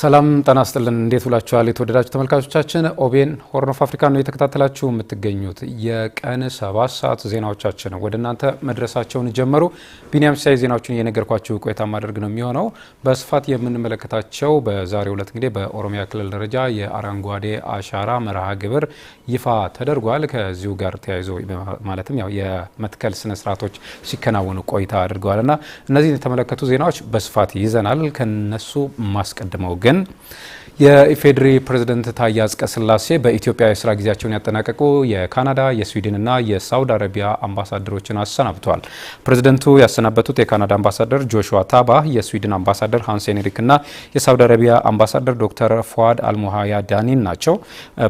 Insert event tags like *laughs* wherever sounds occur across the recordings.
ሰላም ጤና ይስጥልን። እንዴት ውላችኋል? የተወደዳችሁ ተመልካቾቻችን ኦቤን ሆርን ኦፍ አፍሪካ ነው የተከታተላችሁ የምትገኙት። የቀን ሰባት ሰዓት ዜናዎቻችን ወደ እናንተ መድረሳቸውን ጀመሩ። ቢኒያም ሲሳይ ዜናዎችን እየነገርኳችሁ ቆይታ ማድረግ ነው የሚሆነው። በስፋት የምንመለከታቸው በዛሬው ዕለት እንግዲህ በኦሮሚያ ክልል ደረጃ የአረንጓዴ አሻራ መርሃ ግብር ይፋ ተደርጓል። ከዚሁ ጋር ተያይዞ ማለትም ያው የመትከል ስነስርዓቶች ሲከናወኑ ቆይታ አድርገዋል እና እነዚህን የተመለከቱ ዜናዎች በስፋት ይዘናል። ከነሱ ማስቀድመው ግን ግን የኢፌዴሪ ፕሬዝደንት ታዬ አጽቀሥላሴ በኢትዮጵያ የስራ ጊዜያቸውን ያጠናቀቁ የካናዳ የስዊድንና የሳውዲ አረቢያ አምባሳደሮችን አሰናብተዋል። ፕሬዝደንቱ ያሰናበቱት የካናዳ አምባሳደር ጆሹዋ ታባ፣ የስዊድን አምባሳደር ሃንስ ኤንሪክና የሳውዲ አረቢያ አምባሳደር ዶክተር ፏድ አልሙሃያ ዳኒን ናቸው።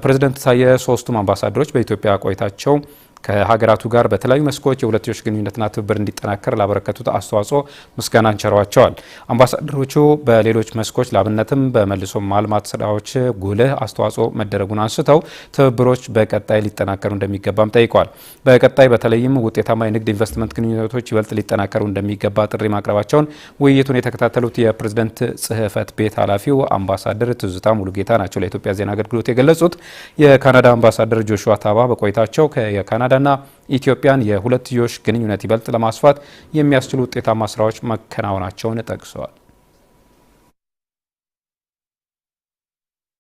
ፕሬዝደንት ታዬ ሶስቱም አምባሳደሮች በኢትዮጵያ ቆይታቸው ከሀገራቱ ጋር በተለያዩ መስኮች የሁለትዮሽ ግንኙነትና ትብብር እንዲጠናከር ላበረከቱት አስተዋጽኦ ምስጋና እንቸረዋቸዋል። አምባሳደሮቹ በሌሎች መስኮች ለአብነትም በመልሶ ማልማት ስራዎች ጉልህ አስተዋጽኦ መደረጉን አንስተው ትብብሮች በቀጣይ ሊጠናከሩ እንደሚገባም ጠይቋል። በቀጣይ በተለይም ውጤታማ የንግድ ኢንቨስትመንት ግንኙነቶች ይበልጥ ሊጠናከሩ እንደሚገባ ጥሪ ማቅረባቸውን ውይይቱን የተከታተሉት የፕሬዝደንት ጽህፈት ቤት ኃላፊው አምባሳደር ትዝታ ሙሉጌታ ናቸው ለኢትዮጵያ ዜና አገልግሎት የገለጹት። የካናዳ አምባሳደር ጆሹዋ ታባ በቆይታቸው ካናዳና ኢትዮጵያን የሁለትዮሽ ግንኙነት ይበልጥ ለማስፋት የሚያስችሉ ውጤታማ ስራዎች መከናወናቸውን ጠቅሰዋል።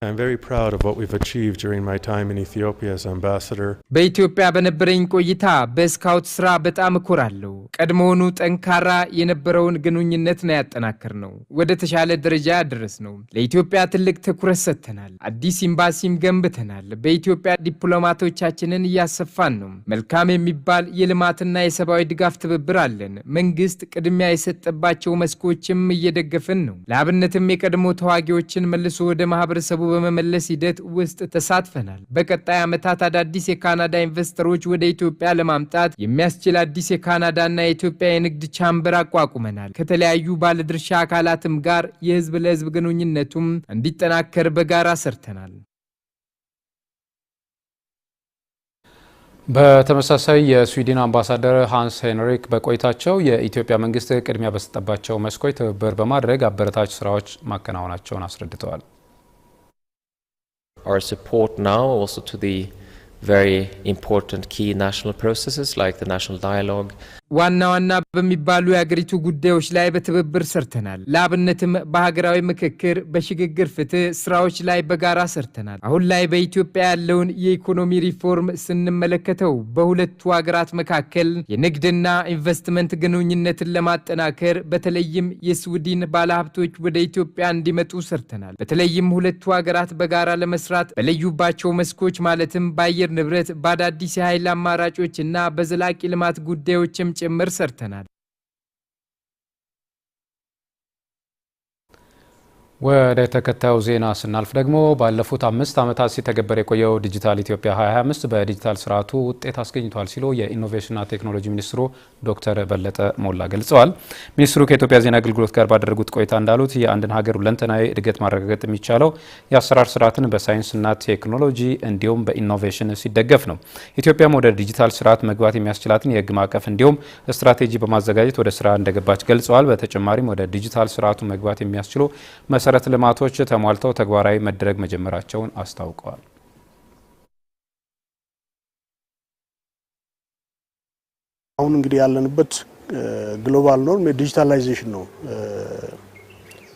I'm very proud of what we've achieved during my time in Ethiopia as ambassador. በኢትዮጵያ በነበረኝ ቆይታ በስካውት ስራ በጣም እኮራለሁ። ቀድሞውኑ ጠንካራ የነበረውን ግንኙነት ነው ያጠናከር ነው፣ ወደ ተሻለ ደረጃ ያደረስ ነው። ለኢትዮጵያ ትልቅ ትኩረት ሰጥተናል። አዲስ ኤምባሲም ገንብተናል። በኢትዮጵያ ዲፕሎማቶቻችንን እያሰፋን ነው። መልካም የሚባል የልማትና የሰብአዊ ድጋፍ ትብብር አለን። መንግስት ቅድሚያ የሰጠባቸው መስኮችም እየደገፍን ነው። ለአብነትም የቀድሞ ተዋጊዎችን መልሶ ወደ ማህበረሰቡ በመመለስ ሂደት ውስጥ ተሳትፈናል። በቀጣይ ዓመታት አዳዲስ የካናዳ ኢንቨስተሮች ወደ ኢትዮጵያ ለማምጣት የሚያስችል አዲስ የካናዳና የኢትዮጵያ የንግድ ቻምበር አቋቁመናል። ከተለያዩ ባለድርሻ አካላትም ጋር የህዝብ ለህዝብ ግንኙነቱም እንዲጠናከር በጋራ ሰርተናል። በተመሳሳይ የስዊድን አምባሳደር ሃንስ ሄንሪክ በቆይታቸው የኢትዮጵያ መንግስት ቅድሚያ በሰጠባቸው መስኮች ትብብር በማድረግ አበረታች ስራዎች ማከናወናቸውን አስረድተዋል። Our support now also to the very important key national processes like the national dialogue ዋና ዋና በሚባሉ የአገሪቱ ጉዳዮች ላይ በትብብር ሰርተናል። ለአብነትም በሀገራዊ ምክክር፣ በሽግግር ፍትህ ስራዎች ላይ በጋራ ሰርተናል። አሁን ላይ በኢትዮጵያ ያለውን የኢኮኖሚ ሪፎርም ስንመለከተው በሁለቱ ሀገራት መካከል የንግድና ኢንቨስትመንት ግንኙነትን ለማጠናከር በተለይም የስዊድን ባለሀብቶች ወደ ኢትዮጵያ እንዲመጡ ሰርተናል። በተለይም ሁለቱ ሀገራት በጋራ ለመስራት በለዩባቸው መስኮች ማለትም በአየር ንብረት፣ በአዳዲስ የኃይል አማራጮች እና በዘላቂ ልማት ጉዳዮችም ጭምር ሰርተናል። ወደ ተከታዩ ዜና ስናልፍ ደግሞ ባለፉት አምስት ዓመታት ሲተገበር የቆየው ዲጂታል ኢትዮጵያ 2025 በዲጂታል ስርዓቱ ውጤት አስገኝቷል ሲሉ የኢኖቬሽንና ቴክኖሎጂ ሚኒስትሩ ዶክተር በለጠ ሞላ ገልጸዋል። ሚኒስትሩ ከኢትዮጵያ ዜና አገልግሎት ጋር ባደረጉት ቆይታ እንዳሉት የአንድን ሀገር ሁለንተናዊ እድገት ማረጋገጥ የሚቻለው የአሰራር ስርዓትን በሳይንስና ቴክኖሎጂ እንዲሁም በኢኖቬሽን ሲደገፍ ነው። ኢትዮጵያም ወደ ዲጂታል ስርዓት መግባት የሚያስችላትን የህግ ማዕቀፍ እንዲሁም ስትራቴጂ በማዘጋጀት ወደ ስራ እንደገባች ገልጸዋል። በተጨማሪም ወደ ዲጂታል ስርዓቱ መግባት የሚያስችሉ መሰረተ ልማቶች ተሟልተው ተግባራዊ መደረግ መጀመራቸውን አስታውቀዋል። አሁን እንግዲህ ያለንበት ግሎባል ኖርም ዲጂታላይዜሽን ነው።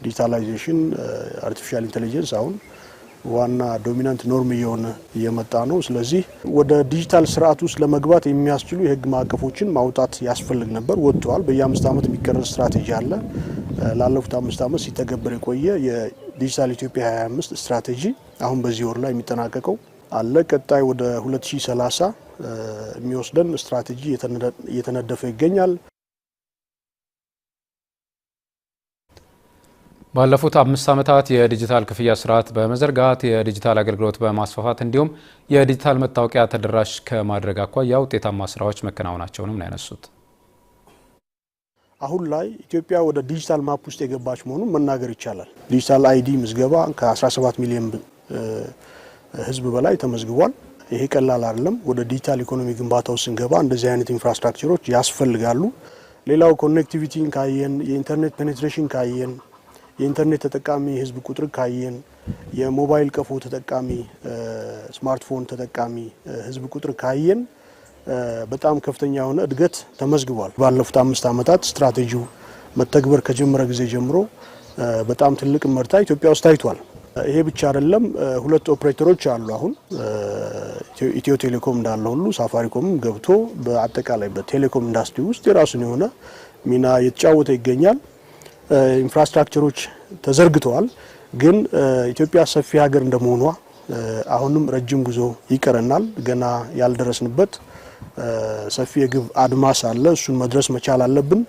ዲጂታላይዜሽን አርቲፊሻል ኢንቴሊጀንስ አሁን ዋና ዶሚናንት ኖርም እየሆነ እየመጣ ነው። ስለዚህ ወደ ዲጂታል ስርዓት ውስጥ ለመግባት የሚያስችሉ የህግ ማዕቀፎችን ማውጣት ያስፈልግ ነበር፣ ወጥተዋል። በየአምስት ዓመት የሚቀረጽ ስትራቴጂ አለ። ላለፉት አምስት ዓመት ሲተገበር የቆየ የዲጂታል ኢትዮጵያ 25 ስትራቴጂ አሁን በዚህ ወር ላይ የሚጠናቀቀው አለ። ቀጣይ ወደ 2030 የሚወስደን ስትራቴጂ እየተነደፈ ይገኛል። ባለፉት አምስት ዓመታት የዲጂታል ክፍያ ስርዓት በመዘርጋት የዲጂታል አገልግሎት በማስፋፋት እንዲሁም የዲጂታል መታወቂያ ተደራሽ ከማድረግ አኳያ ውጤታማ ስራዎች መከናወናቸውንም ነው ያነሱት። አሁን ላይ ኢትዮጵያ ወደ ዲጂታል ማፕ ውስጥ የገባች መሆኑን መናገር ይቻላል። ዲጂታል አይዲ ምዝገባ ከ17 ሚሊዮን ህዝብ በላይ ተመዝግቧል። ይሄ ቀላል አይደለም። ወደ ዲጂታል ኢኮኖሚ ግንባታው ስንገባ እንደዚህ አይነት ኢንፍራስትራክቸሮች ያስፈልጋሉ። ሌላው ኮኔክቲቪቲን ካየን፣ የኢንተርኔት ፔኔትሬሽን ካየን፣ የኢንተርኔት ተጠቃሚ ህዝብ ቁጥር ካየን፣ የሞባይል ቀፎ ተጠቃሚ ስማርትፎን ተጠቃሚ ህዝብ ቁጥር ካየን በጣም ከፍተኛ የሆነ እድገት ተመዝግቧል። ባለፉት አምስት ዓመታት ስትራቴጂው መተግበር ከጀመረ ጊዜ ጀምሮ በጣም ትልቅ መርታ ኢትዮጵያ ውስጥ ታይቷል። ይሄ ብቻ አይደለም። ሁለት ኦፕሬተሮች አሉ። አሁን ኢትዮ ቴሌኮም እንዳለ ሁሉ ሳፋሪኮም ገብቶ በአጠቃላይ በቴሌኮም ኢንዱስትሪ ውስጥ የራሱን የሆነ ሚና እየተጫወተ ይገኛል። ኢንፍራስትራክቸሮች ተዘርግተዋል። ግን ኢትዮጵያ ሰፊ ሀገር እንደመሆኗ አሁንም ረጅም ጉዞ ይቀረናል። ገና ያልደረስንበት ሰፊ የግብ አድማስ አለ። እሱን መድረስ መቻል አለብን።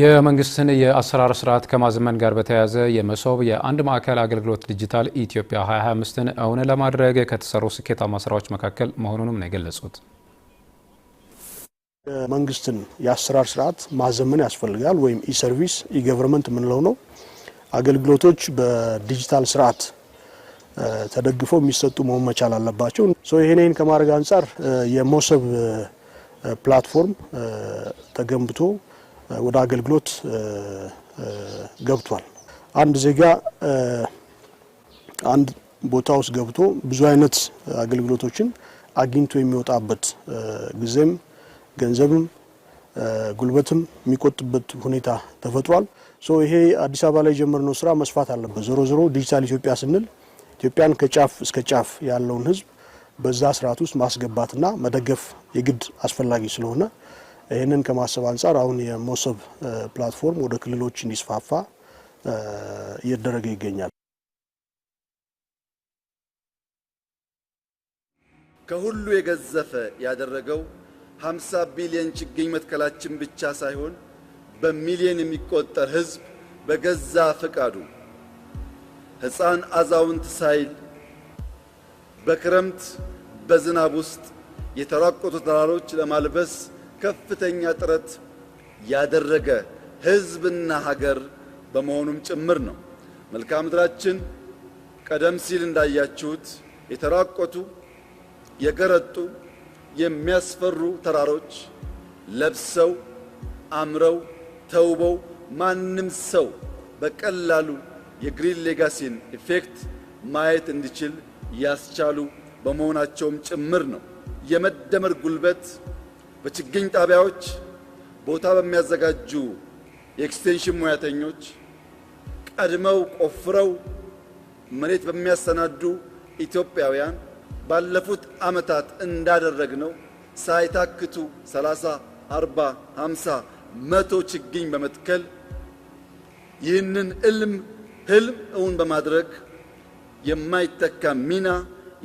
የመንግስትን የአሰራር ስርዓት ከማዘመን ጋር በተያያዘ የመሶብ የአንድ ማዕከል አገልግሎት ዲጂታል ኢትዮጵያ 2025ን እውን ለማድረግ ከተሰሩ ስኬታማ ስራዎች መካከል መሆኑንም ነው የገለጹት። የመንግስትን የአሰራር ስርዓት ማዘመን ያስፈልጋል። ወይም ኢሰርቪስ ኢገቨርንመንት የምንለው ነው። አገልግሎቶች በዲጂታል ስርዓት ተደግፈው የሚሰጡ መሆን መቻል አለባቸው። ይህንን ከማድረግ አንጻር የሞሰብ ፕላትፎርም ተገንብቶ ወደ አገልግሎት ገብቷል። አንድ ዜጋ አንድ ቦታ ውስጥ ገብቶ ብዙ አይነት አገልግሎቶችን አግኝቶ የሚወጣበት ጊዜም ገንዘብም ጉልበትም የሚቆጥበት ሁኔታ ተፈጥሯል። ይሄ አዲስ አበባ ላይ የጀመርነው ስራ መስፋት አለበት። ዞሮ ዞሮ ዲጂታል ኢትዮጵያ ስንል ኢትዮጵያን ከጫፍ እስከ ጫፍ ያለውን ህዝብ በዛ ስርዓት ውስጥ ማስገባትና መደገፍ የግድ አስፈላጊ ስለሆነ ይህንን ከማሰብ አንጻር አሁን የሞሶብ ፕላትፎርም ወደ ክልሎች እንዲስፋፋ እየደረገ ይገኛል። ከሁሉ የገዘፈ ያደረገው 50 ቢሊዮን ችግኝ መትከላችን ብቻ ሳይሆን በሚሊዮን የሚቆጠር ህዝብ በገዛ ፈቃዱ ሕፃን አዛውንት ሳይል በክረምት በዝናብ ውስጥ የተራቆቱ ተራሮች ለማልበስ ከፍተኛ ጥረት ያደረገ ሕዝብና ሀገር በመሆኑም ጭምር ነው። መልክዓ ምድራችን ቀደም ሲል እንዳያችሁት የተራቆቱ የገረጡ የሚያስፈሩ ተራሮች ለብሰው አምረው ተውበው ማንም ሰው በቀላሉ የግሪን ሌጋሲን ኢፌክት ማየት እንዲችል ያስቻሉ በመሆናቸውም ጭምር ነው። የመደመር ጉልበት በችግኝ ጣቢያዎች ቦታ በሚያዘጋጁ የኤክስቴንሽን ሙያተኞች ቀድመው ቆፍረው መሬት በሚያሰናዱ ኢትዮጵያውያን ባለፉት ዓመታት ነው ሳይታክቱ 30፣ 40፣ 50፣ መቶ ችግኝ በመትከል ይህንን እልም ህልም እውን በማድረግ የማይተካ ሚና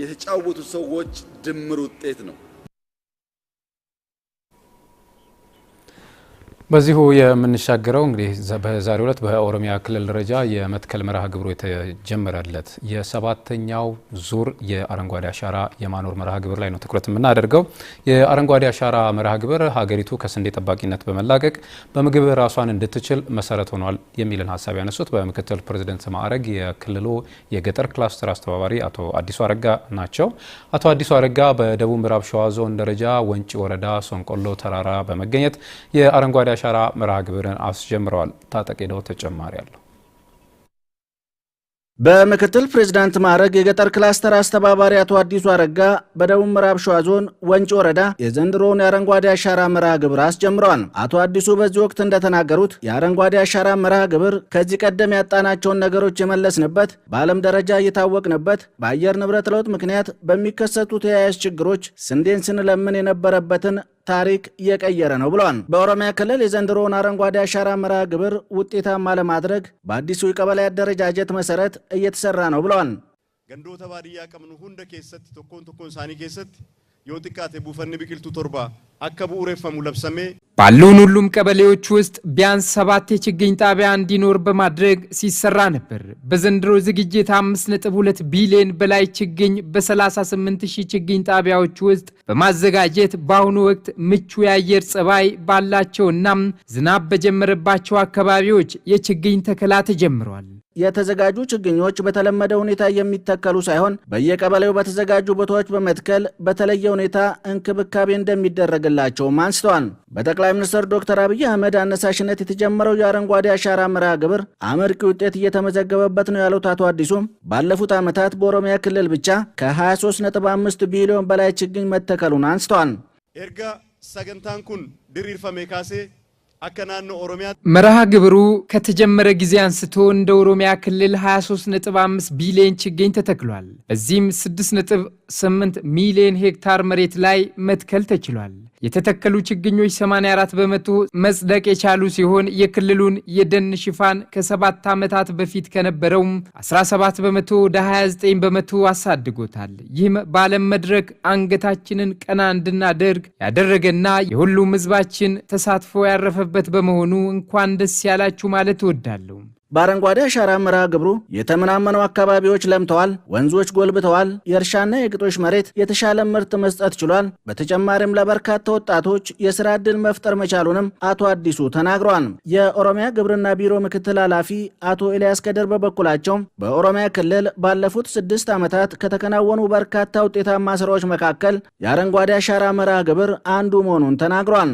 የተጫወቱ ሰዎች ድምር ውጤት ነው። በዚሁ የምንሻገረው እንግዲህ በዛሬው ዕለት በኦሮሚያ ክልል ደረጃ የመትከል መርሃ ግብሩ የተጀመረለት የሰባተኛው ዙር የአረንጓዴ አሻራ የማኖር መርሃ ግብር ላይ ነው ትኩረት የምናደርገው። የአረንጓዴ አሻራ መርሃ ግብር ሀገሪቱ ከስንዴ ጠባቂነት በመላቀቅ በምግብ ራሷን እንድትችል መሰረት ሆኗል የሚልን ሀሳብ ያነሱት በምክትል ፕሬዚደንት ማዕረግ የክልሉ የገጠር ክላስተር አስተባባሪ አቶ አዲሱ አረጋ ናቸው። አቶ አዲሱ አረጋ በደቡብ ምዕራብ ሸዋ ዞን ደረጃ ወንጪ ወረዳ ሶንቆሎ ተራራ በመገኘት የአረንጓዴ አሻራ መርሃ ግብርን አስጀምረዋል። ታጠቂነው ተጨማሪ አለው። በምክትል ፕሬዝዳንት ማዕረግ የገጠር ክላስተር አስተባባሪ አቶ አዲሱ አረጋ በደቡብ ምዕራብ ሸዋ ዞን ወንጭ ወረዳ የዘንድሮውን የአረንጓዴ አሻራ መርሃ ግብር አስጀምረዋል። አቶ አዲሱ በዚህ ወቅት እንደተናገሩት የአረንጓዴ አሻራ መርሃ ግብር ከዚህ ቀደም ያጣናቸውን ነገሮች የመለስንበት፣ በዓለም ደረጃ እየታወቅንበት፣ በአየር ንብረት ለውጥ ምክንያት በሚከሰቱ ተያያዥ ችግሮች ስንዴን ስንለምን የነበረበትን ታሪክ የቀየረ ነው ብለዋል። በኦሮሚያ ክልል የዘንድሮውን አረንጓዴ አሻራ መርሃ ግብር ውጤታማ ለማድረግ በአዲሱ የቀበሌ አደረጃጀት መሰረት እየተሰራ ነው ብለዋል። ገንዶተ ባድያ ቀምኑ ሁንደ ኬሰት ቶኮን ቶኮን ሳኒ ኬሰት yoo xiqqaate ቢቅልቱ ቶርባ አከቡ ኡሬፈሙ ለብሰሜ ባለውን ሁሉም ቀበሌዎች ውስጥ ቢያንስ ሰባት የችግኝ ጣቢያ እንዲኖር በማድረግ ሲሰራ ነበር። በዘንድሮ ዝግጅት 5.2 ቢሊዮን በላይ ችግኝ በ38 ሺህ ችግኝ ጣቢያዎች ውስጥ በማዘጋጀት በአሁኑ ወቅት ምቹ የአየር ጸባይ ባላቸውና ዝናብ በጀመረባቸው አካባቢዎች የችግኝ ተከላ ተጀምሯል። የተዘጋጁ ችግኞች በተለመደ ሁኔታ የሚተከሉ ሳይሆን በየቀበሌው በተዘጋጁ ቦታዎች በመትከል በተለየ ሁኔታ እንክብካቤ እንደሚደረግላቸውም አንስተዋል። በጠቅላይ ሚኒስትር ዶክተር አብይ አህመድ አነሳሽነት የተጀመረው የአረንጓዴ አሻራ መርሃ ግብር አመርቂ ውጤት እየተመዘገበበት ነው ያሉት አቶ አዲሱም ባለፉት ዓመታት በኦሮሚያ ክልል ብቻ ከ23.5 ቢሊዮን በላይ ችግኝ መተከሉን አንስተዋል። ኤርጋ ሰገንታንኩን ድሪርፈሜ ካሴ መርሃ ግብሩ ከተጀመረ ጊዜ አንስቶ እንደ ኦሮሚያ ክልል 23.5 ቢሊዮን ችግኝ ተተክሏል። በዚህም 6.8 ሚሊዮን ሄክታር መሬት ላይ መትከል ተችሏል። የተተከሉ ችግኞች 84 በመቶ መጽደቅ የቻሉ ሲሆን የክልሉን የደን ሽፋን ከሰባት ዓመታት በፊት ከነበረውም 17 በመቶ ወደ 29 በመቶ አሳድጎታል። ይህም በዓለም መድረክ አንገታችንን ቀና እንድናደርግ ያደረገና የሁሉም ሕዝባችን ተሳትፎ ያረፈ የምንማርበት በመሆኑ እንኳን ደስ ያላችሁ ማለት እወዳለሁ። በአረንጓዴ አሻራ መርሃ ግብሩ የተመናመኑ አካባቢዎች ለምተዋል፣ ወንዞች ጎልብተዋል፣ የእርሻና የግጦሽ መሬት የተሻለ ምርት መስጠት ችሏል። በተጨማሪም ለበርካታ ወጣቶች የስራ ዕድል መፍጠር መቻሉንም አቶ አዲሱ ተናግረዋል። የኦሮሚያ ግብርና ቢሮ ምክትል ኃላፊ አቶ ኤልያስ ከደር በበኩላቸው በኦሮሚያ ክልል ባለፉት ስድስት ዓመታት ከተከናወኑ በርካታ ውጤታማ ስራዎች መካከል የአረንጓዴ አሻራ መርሃ ግብር አንዱ መሆኑን ተናግረዋል።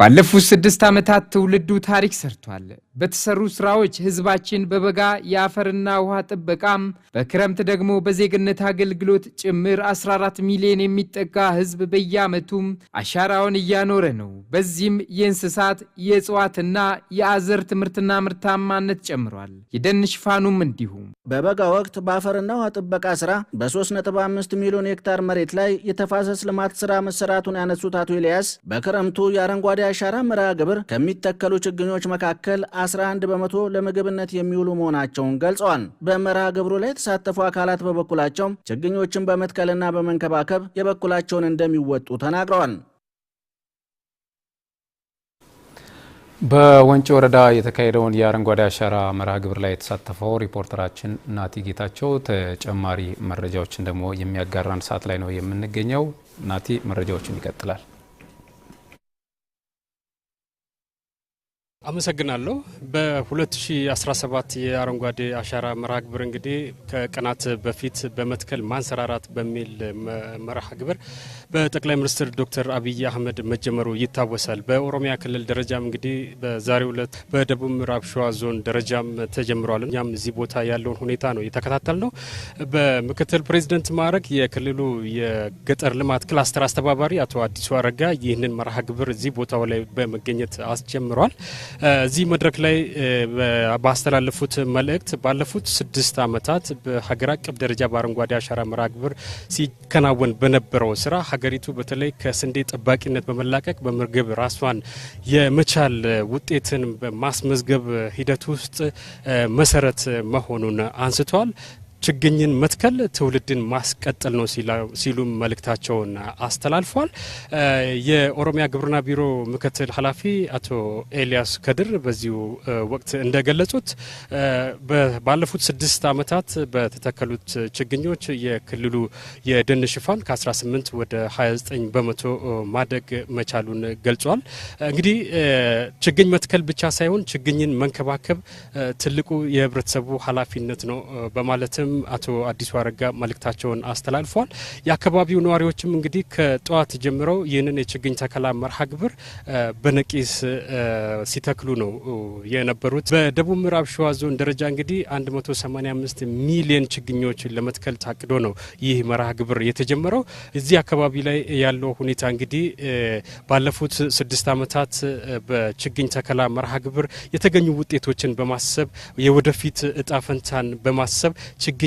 ባለፉት ስድስት ዓመታት ትውልዱ ታሪክ ሰርቷል። በተሰሩ ስራዎች ህዝባችን በበጋ የአፈርና ውሃ ጥበቃም በክረምት ደግሞ በዜግነት አገልግሎት ጭምር 14 ሚሊዮን የሚጠጋ ህዝብ በየዓመቱም አሻራውን እያኖረ ነው። በዚህም የእንስሳት የእጽዋትና የአዘርት ምርትና ምርታማነት ጨምሯል። የደን ሽፋኑም እንዲሁም በበጋ ወቅት በአፈርና ውሃ ጥበቃ ስራ በ3.5 ሚሊዮን ሄክታር መሬት ላይ የተፋሰስ ልማት ስራ መሰራቱን ያነሱት አቶ ኤልያስ በክረምቱ የአረንጓዴ አሻራ መርሃ ግብር ከሚተከሉ ችግኞች መካከል 11 በመቶ ለምግብነት የሚውሉ መሆናቸውን ገልጸዋል። በመርሃ ግብሩ ላይ የተሳተፉ አካላት በበኩላቸው ችግኞችን በመትከልና በመንከባከብ የበኩላቸውን እንደሚወጡ ተናግረዋል። በወንጪ ወረዳ የተካሄደውን የአረንጓዴ አሻራ መርሃ ግብር ላይ የተሳተፈው ሪፖርተራችን ናቲ ጌታቸው ተጨማሪ መረጃዎችን ደግሞ የሚያጋራን ሰዓት ላይ ነው የምንገኘው። ናቲ መረጃዎችን ይቀጥላል። አመሰግናለሁ። በ2017 የአረንጓዴ አሻራ መርሃ ግብር እንግዲህ ከቀናት በፊት በመትከል ማንሰራራት በሚል መርሃ ግብር በጠቅላይ ሚኒስትር ዶክተር አብይ አህመድ መጀመሩ ይታወሳል። በኦሮሚያ ክልል ደረጃም እንግዲህ በዛሬው ዕለት በደቡብ ምዕራብ ሸዋ ዞን ደረጃም ተጀምሯል። እኛም እዚህ ቦታ ያለውን ሁኔታ ነው የተከታተል ነው። በምክትል ፕሬዚደንት ማዕረግ የክልሉ የገጠር ልማት ክላስተር አስተባባሪ አቶ አዲሱ አረጋ ይህንን መርሃ ግብር እዚህ ቦታው ላይ በመገኘት አስጀምሯል። እዚህ መድረክ ላይ ባስተላለፉት መልእክት ባለፉት ስድስት ዓመታት በሀገር አቀፍ ደረጃ በአረንጓዴ አሻራ መርሃ ግብር ሲከናወን በነበረው ስራ ሀገሪቱ በተለይ ከስንዴ ጠባቂነት በመላቀቅ በምግብ ራሷን የመቻል ውጤትን በማስመዝገብ ሂደት ውስጥ መሰረት መሆኑን አንስተዋል። ችግኝን መትከል ትውልድን ማስቀጠል ነው ሲሉም መልእክታቸውን አስተላልፏል። የኦሮሚያ ግብርና ቢሮ ምክትል ኃላፊ አቶ ኤልያስ ከድር በዚሁ ወቅት እንደገለጹት ባለፉት ስድስት ዓመታት በተተከሉት ችግኞች የክልሉ የደን ሽፋን ከ18 ወደ 29 በመቶ ማደግ መቻሉን ገልጿል። እንግዲህ ችግኝ መትከል ብቻ ሳይሆን ችግኝን መንከባከብ ትልቁ የህብረተሰቡ ኃላፊነት ነው በማለትም ፕሬዝዳንትም አቶ አዲሱ አረጋ መልእክታቸውን አስተላልፏል። የአካባቢው ነዋሪዎችም እንግዲህ ከጠዋት ጀምረው ይህንን የችግኝ ተከላ መርሃ ግብር በነቂስ ሲተክሉ ነው የነበሩት። በደቡብ ምዕራብ ሸዋ ዞን ደረጃ እንግዲህ 185 ሚሊዮን ችግኞችን ለመትከል ታቅዶ ነው ይህ መርሃ ግብር የተጀመረው። እዚህ አካባቢ ላይ ያለው ሁኔታ እንግዲህ ባለፉት ስድስት ዓመታት በችግኝ ተከላ መርሃ ግብር የተገኙ ውጤቶችን በማሰብ የወደፊት እጣ ፈንታን በማሰብ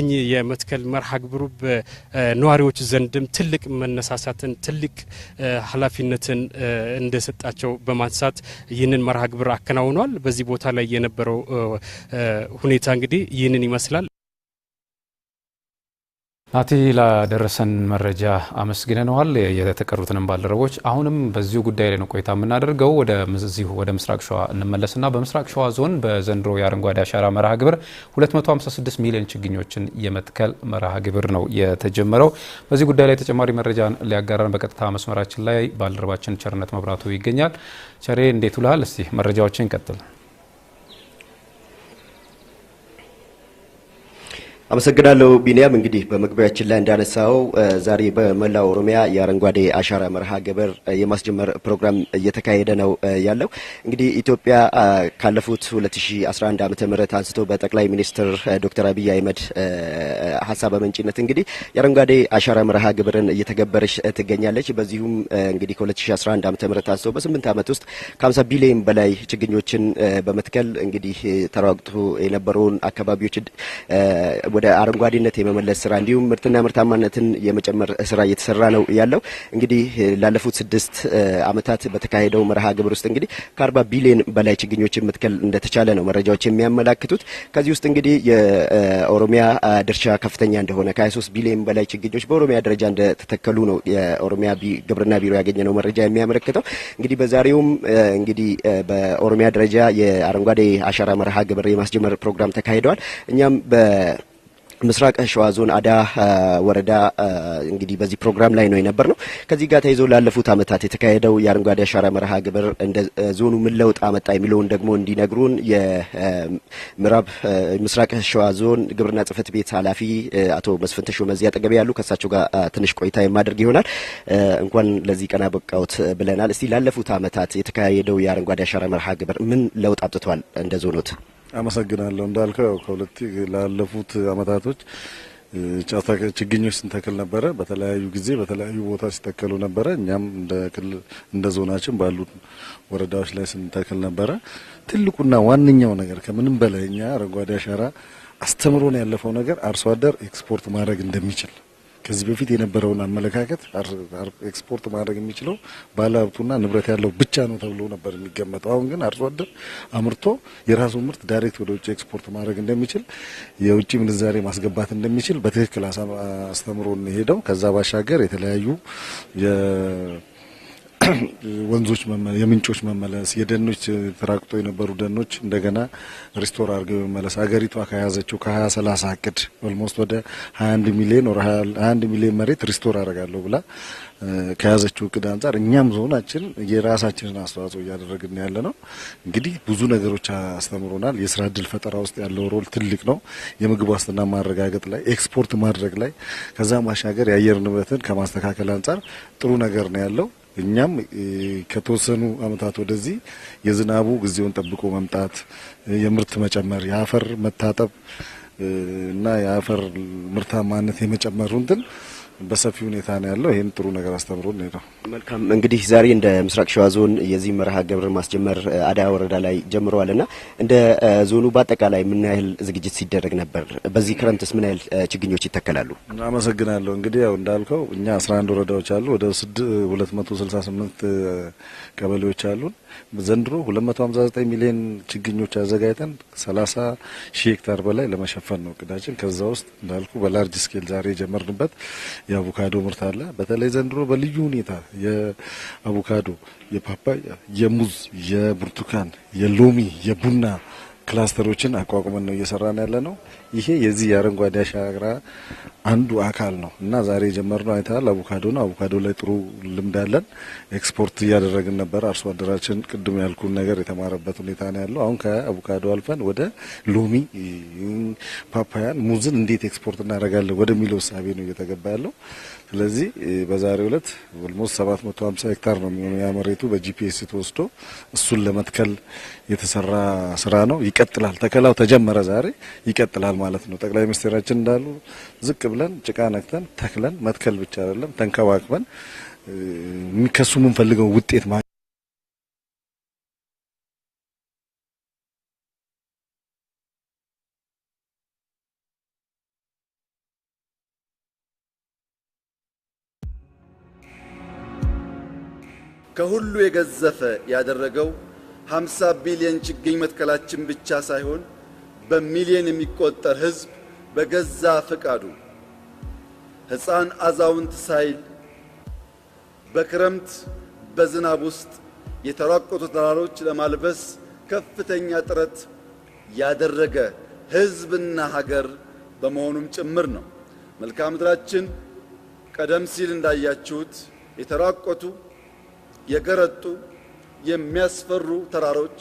የሚገኝ የመትከል መርሃ ግብሩ በነዋሪዎች ዘንድም ትልቅ መነሳሳትን ትልቅ ኃላፊነትን እንደሰጣቸው በማንሳት ይህንን መርሃ ግብር አከናውኗል። በዚህ ቦታ ላይ የነበረው ሁኔታ እንግዲህ ይህንን ይመስላል። ናቲ ላደረሰን መረጃ አመስግነነዋል። የተቀሩትንም ባልደረቦች አሁንም በዚሁ ጉዳይ ላይ ነው ቆይታ የምናደርገው። ወደዚሁ ወደ ምስራቅ ሸዋ እንመለስና በምስራቅ ሸዋ ዞን በዘንድሮ የአረንጓዴ አሻራ መርሃ ግብር 256 ሚሊዮን ችግኞችን የመትከል መርሃ ግብር ነው የተጀመረው። በዚህ ጉዳይ ላይ ተጨማሪ መረጃን ሊያጋራን በቀጥታ መስመራችን ላይ ባልደረባችን ቸርነት መብራቱ ይገኛል። ቸሬ እንዴት ውልሃል? እስቲ መረጃዎችን ቀጥል። አመሰግናለሁ ቢንያም። እንግዲህ በመግቢያችን ላይ እንዳነሳው ዛሬ በመላው ኦሮሚያ የአረንጓዴ አሻራ መርሃ ግብር የማስጀመር ፕሮግራም እየተካሄደ ነው ያለው። እንግዲህ ኢትዮጵያ ካለፉት 2011 ዓ ምህረት አንስቶ በጠቅላይ ሚኒስትር ዶክተር አብይ አህመድ ሀሳብ አመንጪነት እንግዲህ የአረንጓዴ አሻራ መርሃ ግብርን እየተገበረች ትገኛለች። በዚሁም እንግዲህ ከ2011 ዓ ም አንስቶ በስምንት ዓመት ውስጥ ከ50 ቢሊዮን በላይ ችግኞችን በመትከል እንግዲህ ተራቁቶ የነበረውን አካባቢዎች ወደ አረንጓዴነት የመመለስ ስራ እንዲሁም ምርትና ምርታማነትን የመጨመር ስራ እየተሰራ ነው ያለው። እንግዲህ ላለፉት ስድስት አመታት በተካሄደው መርሃ ግብር ውስጥ እንግዲህ ከአርባ ቢሊዮን በላይ ችግኞችን መትከል እንደተቻለ ነው መረጃዎች የሚያመላክቱት። ከዚህ ውስጥ እንግዲህ የኦሮሚያ ድርሻ ከፍተኛ እንደሆነ ከ23 ቢሊዮን በላይ ችግኞች በኦሮሚያ ደረጃ እንደተተከሉ ነው የኦሮሚያ ግብርና ቢሮ ያገኘ ነው መረጃ የሚያመለክተው። እንግዲህ በዛሬውም እንግዲህ በኦሮሚያ ደረጃ የአረንጓዴ አሻራ መርሃ ግብር የማስጀመር ፕሮግራም ተካሂደዋል። እኛም በ ምስራቅ ሸዋ ዞን አዳ ወረዳ እንግዲህ በዚህ ፕሮግራም ላይ ነው የነበር ነው። ከዚህ ጋር ተይዞ ላለፉት ዓመታት የተካሄደው የአረንጓዴ አሻራ መርሃ ግብር እንደ ዞኑ ምን ለውጥ አመጣ የሚለውን ደግሞ እንዲነግሩን የምዕራብ ምስራቅ ሸዋ ዞን ግብርና ጽሕፈት ቤት ኃላፊ አቶ መስፍን ተሾመ እዚህ አጠገቤ ያሉ ከእሳቸው ጋር ትንሽ ቆይታ የማደርግ ይሆናል። እንኳን ለዚህ ቀና አበቃዎት ብለናል። እስቲ ላለፉት ዓመታት የተካሄደው የአረንጓዴ አሻራ መርሃ ግብር ምን ለውጥ አምጥቷል እንደ ዞኖት? አመሰግናለሁ። እንዳልከው ያው ከሁለት ላለፉት አመታቶች ችግኞች ስንተክል ነበረ። በተለያዩ ጊዜ በተለያዩ ቦታ ሲተከሉ ነበረ። እኛም እንደ ክልል እንደ ዞናችን ባሉ ወረዳዎች ላይ ስንተክል ነበረ። ትልቁና ዋነኛው ነገር ከምንም በላይ እኛ አረንጓዴ አሻራ አስተምሮን ያለፈው ነገር አርሶ አደር ኤክስፖርት ማድረግ እንደሚችል ከዚህ በፊት የነበረውን አመለካከት ኤክስፖርት ማድረግ የሚችለው ባለሀብቱና ንብረት ያለው ብቻ ነው ተብሎ ነበር የሚገመጠው። አሁን ግን አርሶ አደር አምርቶ የራሱ ምርት ዳይሬክት ወደ ውጭ ኤክስፖርት ማድረግ እንደሚችል፣ የውጭ ምንዛሬ ማስገባት እንደሚችል በትክክል አስተምሮ ሄደው ከዛ ባሻገር የተለያዩ ወንዞች መመለስ፣ የምንጮች መመለስ፣ የደኖች ተራቅጦ የነበሩ ደኖች እንደገና ሪስቶር አድርገው መመለስ አገሪቷ ከያዘችው ከ20 እቅድ ኦልሞስት ወደ 21 ሚሊዮን ወደ 21 ሚሊዮን መሬት ሪስቶር አደርጋለሁ ብላ ከያዘችው እቅድ አንጻር እኛም ዞናችን የራሳችንን አስተዋጽኦ እያደረግን ያለ ነው። እንግዲህ ብዙ ነገሮች አስተምሮናል። የስራ እድል ፈጠራ ውስጥ ያለው ሮል ትልቅ ነው። የምግብ ዋስትና ማረጋገጥ ላይ፣ ኤክስፖርት ማድረግ ላይ ከዛ ማሻገር የአየር ንብረትን ከማስተካከል አንጻር ጥሩ ነገር ነው ያለው። እኛም ከተወሰኑ አመታት ወደዚህ የዝናቡ ጊዜውን ጠብቆ መምጣት፣ የምርት መጨመር፣ የአፈር መታጠብ እና የአፈር ምርታማነት የመጨመሩንትን በሰፊ ሁኔታ ነው ያለው። ይህም ጥሩ ነገር አስተምሮ ሄደው። መልካም እንግዲህ ዛሬ እንደ ምስራቅ ሸዋ ዞን የዚህ መርሃ ግብር ማስጀመር አዳያ ወረዳ ላይ ጀምረዋልና እንደ ዞኑ በአጠቃላይ ምን ያህል ዝግጅት ሲደረግ ነበር? በዚህ ክረምትስ ምን ያህል ችግኞች ይተከላሉ? አመሰግናለሁ። እንግዲህ ያው እንዳልከው እኛ አስራ አንድ ወረዳዎች አሉ። ወደ ስድ ሁለት መቶ ስልሳ ስምንት ቀበሌዎች አሉን ዘንድሮ 259 ሚሊዮን ችግኞች አዘጋጅተን 30 ሺህ ሄክታር በላይ ለመሸፈን ነው እቅዳችን። ከዛ ውስጥ እንዳልኩ በላርጅ ስኬል ዛሬ የጀመርንበት የአቮካዶ ምርት አለ። በተለይ ዘንድሮ በልዩ ሁኔታ የአቮካዶ፣ የፓፓያ፣ የሙዝ፣ የብርቱካን፣ የሎሚ፣ የቡና ክላስተሮችን አቋቁመን ነው እየሰራን ያለ ነው። ይሄ የዚህ የአረንጓዴ አሻራ አንዱ አካል ነው እና ዛሬ የጀመርነው አይተሃል፣ አቮካዶ ነው። አቮካዶ ላይ ጥሩ ልምድ አለን፣ ኤክስፖርት እያደረግን ነበር። አርሶ አደራችን ቅድም ያልኩን ነገር የተማረበት ሁኔታ ነው ያለው። አሁን ከአቮካዶ አልፈን ወደ ሎሚ፣ ፓፓያን፣ ሙዝን እንዴት ኤክስፖርት እናደርጋለን ወደሚለው ሳቤ ነው እየተገባ ያለው። ስለዚህ በዛሬው ዕለት ኦልሞስት 750 ሄክታር ነው የሚሆነው ያ መሬቱ በጂፒኤስ ተወስዶ እሱን ለመትከል የተሰራ ስራ ነው። ይቀጥላል። ተከላው ተጀመረ፣ ዛሬ ይቀጥላል ማለት ነው። ጠቅላይ ሚኒስትራችን እንዳሉ ዝቅ ብለን ጭቃ ነክተን ተክለን መትከል ብቻ አይደለም ተንከባክበን ከሱ የምንፈልገው ውጤት ከሁሉ የገዘፈ ያደረገው 50 ቢሊዮን ችግኝ መትከላችን ብቻ ሳይሆን በሚሊዮን የሚቆጠር ሕዝብ በገዛ ፈቃዱ ሕፃን አዛውንት ሳይል በክረምት በዝናብ ውስጥ የተራቆቱ ተራሮች ለማልበስ ከፍተኛ ጥረት ያደረገ ሕዝብና ሀገር በመሆኑም ጭምር ነው። መልክዓ ምድራችን ቀደም ሲል እንዳያችሁት የተራቆቱ የገረጡ የሚያስፈሩ ተራሮች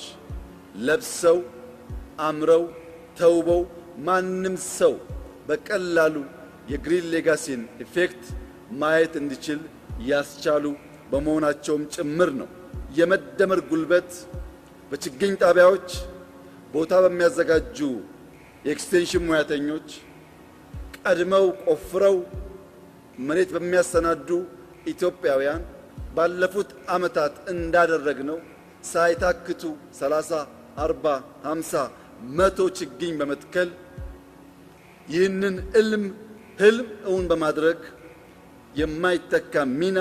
ለብሰው አምረው ተውበው ማንም ሰው በቀላሉ የግሪን ሌጋሲን ኢፌክት ማየት እንዲችል ያስቻሉ በመሆናቸውም ጭምር ነው። የመደመር ጉልበት በችግኝ ጣቢያዎች ቦታ በሚያዘጋጁ የኤክስቴንሽን ሙያተኞች ቀድመው ቆፍረው መሬት በሚያሰናዱ ኢትዮጵያውያን ባለፉት ዓመታት እንዳደረግነው ሳይታክቱ 30፣ 40፣ 50፣ መቶ ችግኝ በመትከል ይህንን እልም ህልም እውን በማድረግ የማይተካ ሚና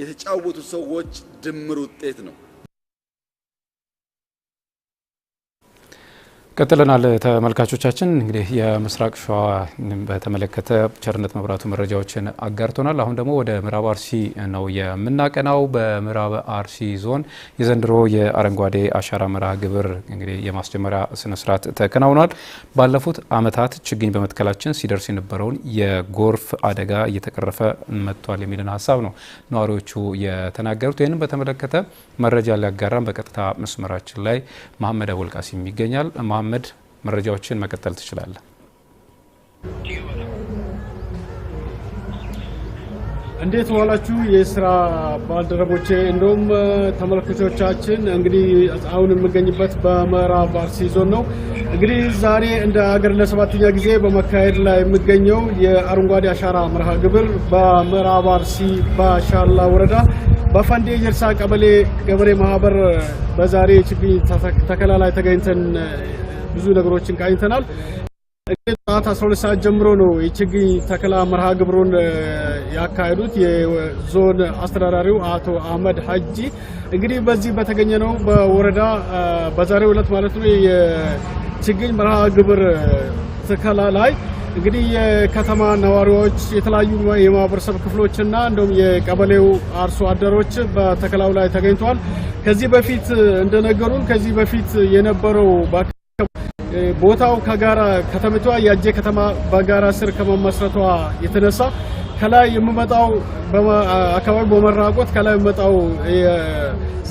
የተጫወቱ ሰዎች ድምር ውጤት ነው። ቀጥለናል ተመልካቾቻችን። እንግዲህ የምስራቅ ሸዋ በተመለከተ ቸርነት መብራቱ መረጃዎችን አጋርቶናል። አሁን ደግሞ ወደ ምዕራብ አርሲ ነው የምናቀናው። በምዕራብ አርሲ ዞን የዘንድሮ የአረንጓዴ አሻራ መርሃ ግብር እንግዲህ የማስጀመሪያ ስነስርዓት ተከናውኗል። ባለፉት አመታት ችግኝ በመትከላችን ሲደርስ የነበረውን የጎርፍ አደጋ እየተቀረፈ መጥቷል የሚልን ሀሳብ ነው ነዋሪዎቹ የተናገሩት። ይህንም በተመለከተ መረጃ ሊያጋራን በቀጥታ መስመራችን ላይ መሀመድ አወልቃሲም ይገኛል። መሐመድ መረጃዎችን መቀጠል ትችላለን። እንዴት ዋላችሁ የስራ ባልደረቦቼ፣ እንደውም ተመልካቾቻችን። እንግዲህ አሁን የምገኝበት በምዕራብ አርሲ ዞን ነው። እንግዲህ ዛሬ እንደ ሀገር ለሰባተኛ ጊዜ በመካሄድ ላይ የሚገኘው የአረንጓዴ አሻራ መርሃ ግብር በምዕራብ አርሲ በሻላ ወረዳ በፈንዴ የርሳ ቀበሌ ገበሬ ማህበር በዛሬ ችግኝ ተከላ ላይ ተገኝተን ብዙ ነገሮችን ቃኝተናል። ጠዋት 12 ሰዓት ጀምሮ ነው የችግኝ ተከላ መርሃ ግብሩን ያካሄዱት የዞን አስተዳዳሪው አቶ አህመድ ሀጂ። እንግዲህ በዚህ በተገኘ ነው በወረዳ በዛሬው ዕለት ማለት ነው የችግኝ መርሃ ግብር ተከላ ላይ እንግዲህ የከተማ ነዋሪዎች የተለያዩ የማህበረሰብ ክፍሎችና እንዲሁም የቀበሌው አርሶ አደሮች በተከላው ላይ ተገኝተዋል። ከዚህ በፊት እንደነገሩን ከዚህ በፊት የነበረው ቦታው ከጋራ ከተማቷ የአጄ ከተማ በጋራ ስር ከመመስረቷ የተነሳ ከላይ የሚመጣው አካባቢ በመራቆት ከላይ የሚመጣው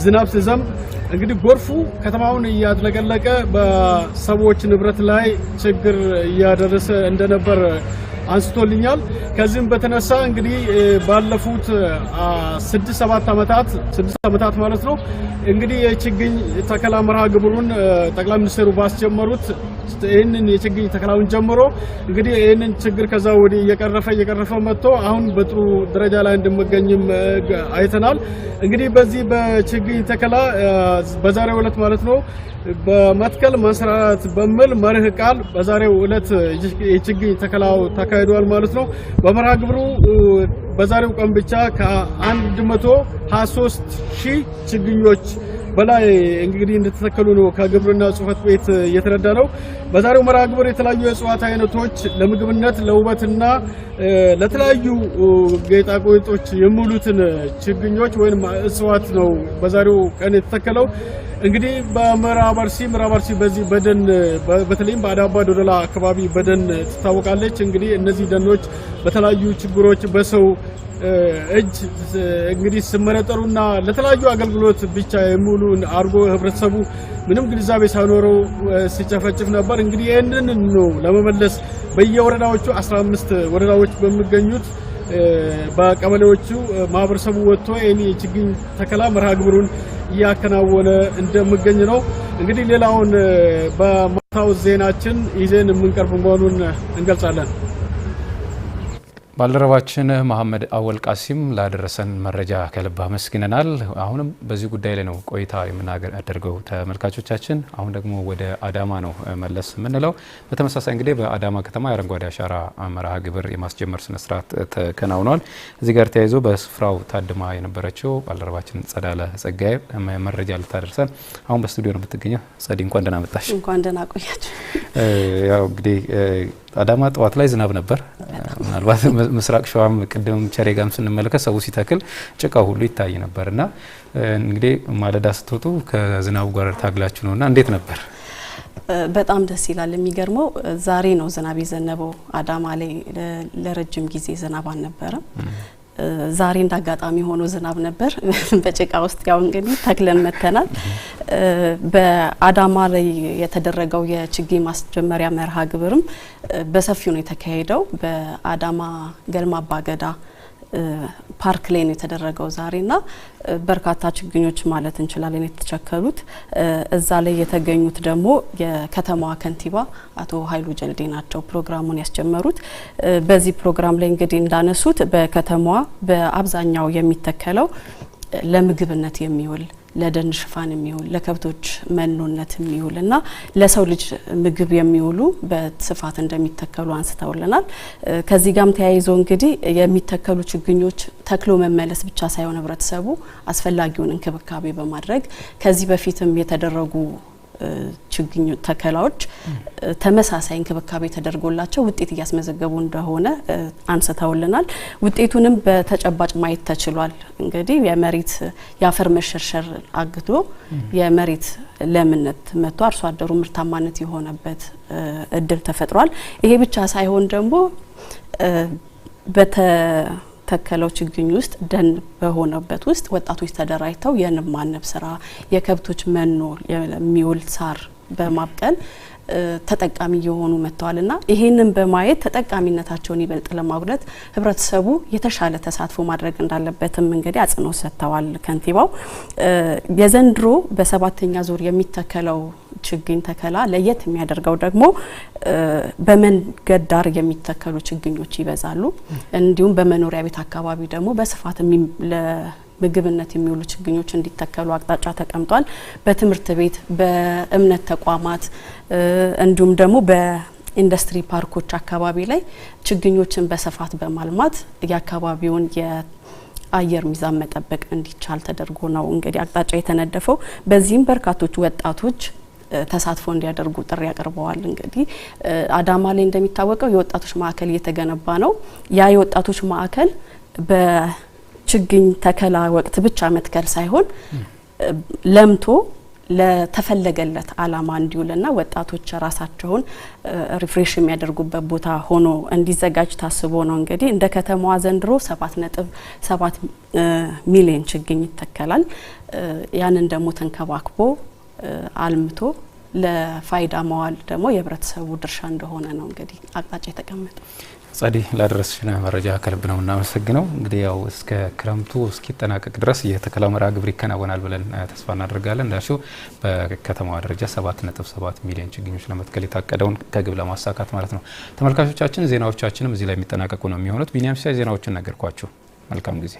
ዝናብ ሲዘንብ እንግዲህ ጎርፉ ከተማውን እያጥለቀለቀ በሰዎች ንብረት ላይ ችግር እያደረሰ እንደነበር አንስቶልኛል። ከዚህም በተነሳ እንግዲህ ባለፉት ስድስት ሰባት ዓመታት ስድስት ዓመታት ማለት ነው እንግዲህ የችግኝ ተከላ መርሃ ግብሩን ጠቅላይ ሚኒስትሩ ባስጀመሩት ይህንን የችግኝ ተከላውን ጀምሮ እንግዲህ ይህንን ችግር ከዛ ወዲህ እየቀረፈ እየቀረፈ መጥቶ አሁን በጥሩ ደረጃ ላይ እንደምገኝም አይተናል። እንግዲህ በዚህ በችግኝ ተከላ በዛሬው ዕለት ማለት ነው በመትከል መስራት በሚል መርህ ቃል በዛሬው ዕለት የችግኝ ተከላው ተካሂዷል ማለት ነው። በመርሃ ግብሩ በዛሬው ቀን ብቻ ከ123 ሺህ ችግኞች በላይ እንግዲህ እንደተተከሉ ነው ከግብርና ጽሕፈት ቤት እየተረዳ ነው። በዛሬው መርሃ ግብር የተለያዩ የእጽዋት አይነቶች ለምግብነት፣ ለውበትና ለተለያዩ ጌጣጌጦች የሚውሉትን ችግኞች ወይም እጽዋት ነው በዛሬው ቀን የተተከለው። እንግዲህ በምዕራብ አርሲ ምዕራብ አርሲ በዚህ በደን በተለይም በአዳባ ዶዶላ አካባቢ በደን ትታወቃለች። እንግዲህ እነዚህ ደኖች በተለያዩ ችግሮች በሰው እጅ እንግዲህ ስመረጠሩና ለተለያዩ አገልግሎት ብቻ የሚውሉ አድርጎ ህብረተሰቡ ምንም ግንዛቤ ሳይኖረው ሲጨፈጭፍ ነበር። እንግዲህ ይህንን ነው ለመመለስ በየወረዳዎቹ 15 ወረዳዎች በሚገኙት በቀበሌዎቹ ማህበረሰቡ ወጥቶ ይህን የችግኝ ተከላ መርሃ ግብሩን እያከናወነ እንደሚገኝ ነው። እንግዲህ ሌላውን በማታው ዜናችን ይዘን የምንቀርብ መሆኑን እንገልጻለን። ባልደረባችን መሐመድ አወል ቃሲም ላደረሰን መረጃ ከልብ አመስግነናል። አሁንም በዚህ ጉዳይ ላይ ነው ቆይታ የምናደርገው ተመልካቾቻችን። አሁን ደግሞ ወደ አዳማ ነው መለስ የምንለው። በተመሳሳይ እንግዲህ በአዳማ ከተማ የአረንጓዴ አሻራ መርሃ ግብር የማስጀመር ስነስርዓት ተከናውኗል። እዚህ ጋር ተያይዞ በስፍራው ታድማ የነበረችው ባልደረባችን ጸዳለ ጸጋይ መረጃ ልታደርሰን አሁን በስቱዲዮ ነው የምትገኘው። ጸዲ፣ እንኳን ደህና መጣሽ። እንኳን ደህና ቆያችሁ። ያው እንግዲህ አዳማ ጠዋት ላይ ዝናብ ነበር። ምናልባት ምስራቅ ሸዋም ቅድም ቸሬጋም ስንመለከት ሰው ሲተክል ጭቃው ሁሉ ይታይ ነበር እና እንግዲህ ማለዳ ስትወጡ ከዝናቡ ጋር ታግላችሁ እና እንዴት ነበር? በጣም ደስ ይላል። የሚገርመው ዛሬ ነው ዝናብ የዘነበው። አዳማ ላይ ለረጅም ጊዜ ዝናብ አልነበረም። ዛሬ እንዳጋጣሚ ሆኖ ዝናብ ነበር። *laughs* በጭቃ ውስጥ ያው እንግዲህ ተክለን መተናል። በአዳማ ላይ የተደረገው የችግኝ ማስጀመሪያ መርሃ ግብርም በሰፊው ነው የተካሄደው በአዳማ ገልማ አባገዳ ፓርክ ላይ ነው የተደረገው ና በርካታ ችግኞች ማለት እንችላለን የተቸከሉት። እዛ ላይ የተገኙት ደግሞ የከተማዋ ከንቲባ አቶ ሀይሉ ጀልዴ ናቸው ፕሮግራሙን ያስጀመሩት። በዚህ ፕሮግራም ላይ እንግዲህ እንዳነሱት በከተማዋ በአብዛኛው የሚተከለው ለምግብነት የሚውል ለደን ሽፋን የሚውል ለከብቶች መኖነት የሚውል እና ለሰው ልጅ ምግብ የሚውሉ በስፋት እንደሚተከሉ አንስተውልናል። ከዚህ ጋም ተያይዞ እንግዲህ የሚተከሉ ችግኞች ተክሎ መመለስ ብቻ ሳይሆን ህብረተሰቡ አስፈላጊውን እንክብካቤ በማድረግ ከዚህ በፊትም የተደረጉ ችግኝ ተከላዎች ተመሳሳይ እንክብካቤ ተደርጎላቸው ውጤት እያስመዘገቡ እንደሆነ አንስተውልናል። ውጤቱንም በተጨባጭ ማየት ተችሏል። እንግዲህ የመሬት የአፈር መሸርሸር አግቶ የመሬት ለምነት መጥቶ አርሶ አደሩ ምርታማነት የሆነበት እድል ተፈጥሯል። ይሄ ብቻ ሳይሆን ደግሞ በተተከለው ችግኝ ውስጥ ደን በሆነበት ውስጥ ወጣቶች ተደራጅተው የንብ ማነብ ስራ፣ የከብቶች መኖ የሚውል ሳር በማብቀል ተጠቃሚ እየሆኑ መጥተዋል እና ይሄንን በማየት ተጠቃሚነታቸውን ይበልጥ ለማጉለት ህብረተሰቡ የተሻለ ተሳትፎ ማድረግ እንዳለበትም እንግዲህ አጽንኦት ሰጥተዋል ከንቲባው። የዘንድሮ በሰባተኛ ዙር የሚተከለው ችግኝ ተከላ ለየት የሚያደርገው ደግሞ በመንገድ ዳር የሚተከሉ ችግኞች ይበዛሉ። እንዲሁም በመኖሪያ ቤት አካባቢ ደግሞ በስፋት ምግብነት የሚውሉ ችግኞች እንዲተከሉ አቅጣጫ ተቀምጧል። በትምህርት ቤት፣ በእምነት ተቋማት እንዲሁም ደግሞ በኢንዱስትሪ ፓርኮች አካባቢ ላይ ችግኞችን በስፋት በማልማት የአካባቢውን አየር ሚዛን መጠበቅ እንዲቻል ተደርጎ ነው እንግዲህ አቅጣጫ የተነደፈው። በዚህም በርካቶች ወጣቶች ተሳትፎ እንዲያደርጉ ጥሪ ያቀርበዋል። እንግዲህ አዳማ ላይ እንደሚታወቀው የወጣቶች ማዕከል እየተገነባ ነው። ያ የወጣቶች ማዕከል በ ችግኝ ተከላ ወቅት ብቻ መትከል ሳይሆን ለምቶ ለተፈለገለት አላማ እንዲውልና ወጣቶች ራሳቸውን ሪፍሬሽ የሚያደርጉበት ቦታ ሆኖ እንዲዘጋጅ ታስቦ ነው። እንግዲህ እንደ ከተማዋ ዘንድሮ ሰባት ነጥብ ሰባት ሚሊዮን ችግኝ ይተከላል። ያንን ደግሞ ተንከባክቦ አልምቶ ለፋይዳ መዋል ደግሞ የህብረተሰቡ ድርሻ እንደሆነ ነው እንግዲህ አቅጣጫ የተቀመጠ ጸዲ ላደረስሽን መረጃ ከልብ ነው እናመሰግነው። እንግዲህ ያው እስከ ክረምቱ እስኪጠናቀቅ ድረስ የተከላ መርሃ ግብር ይከናወናል ብለን ተስፋ እናደርጋለን። እንዳልሽው በከተማዋ ደረጃ 7.7 ሚሊዮን ችግኞች ለመትከል የታቀደውን ከግብ ለማሳካት ማለት ነው። ተመልካቾቻችን ዜናዎቻችንም እዚህ ላይ የሚጠናቀቁ ነው የሚሆኑት። ቢኒያም ሲሳይ ዜናዎችን ነገርኳችሁ። መልካም ጊዜ